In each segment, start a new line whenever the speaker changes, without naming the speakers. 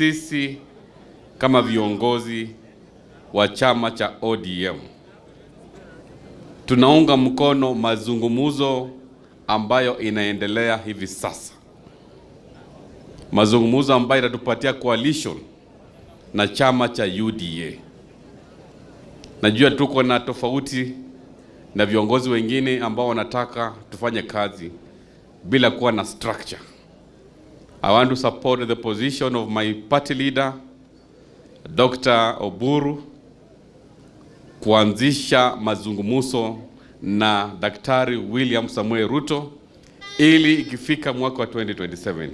sisi kama viongozi wa chama cha ODM tunaunga mkono mazungumzo ambayo inaendelea hivi sasa, mazungumzo ambayo itatupatia coalition na chama cha UDA. Najua tuko na tofauti na viongozi wengine ambao wanataka tufanye kazi bila kuwa na structure. I want to support the position of my party leader Dr. Oburu kuanzisha mazungumzo na Daktari William Samuel Ruto ili ikifika mwaka wa 2027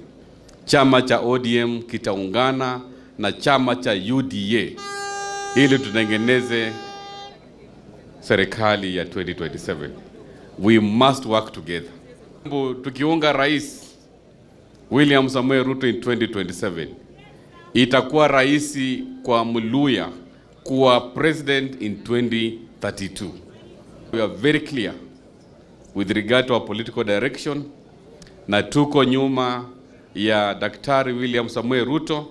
chama cha ODM kitaungana na chama cha UDA ili tutengeneze serikali ya 2027. We must work together. Tukiunga rais William Samuel Ruto in 2027 itakuwa rahisi kwa Mluya kuwa president in 2032. We are very clear with regard to our political direction na tuko nyuma ya Daktari William Samuel Ruto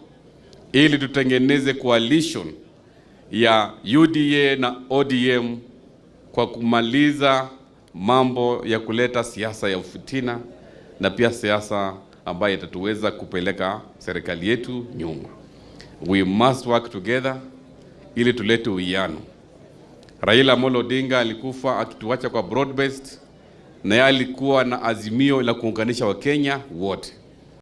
ili tutengeneze coalition ya UDA na ODM kwa kumaliza mambo ya kuleta siasa ya ufitina na pia siasa ambayo itatuweza kupeleka serikali yetu nyuma. We must work together ili tulete uwiano. Raila Amolo Odinga alikufa akituacha kwa broad based, na yeye alikuwa na azimio la kuunganisha Wakenya wote.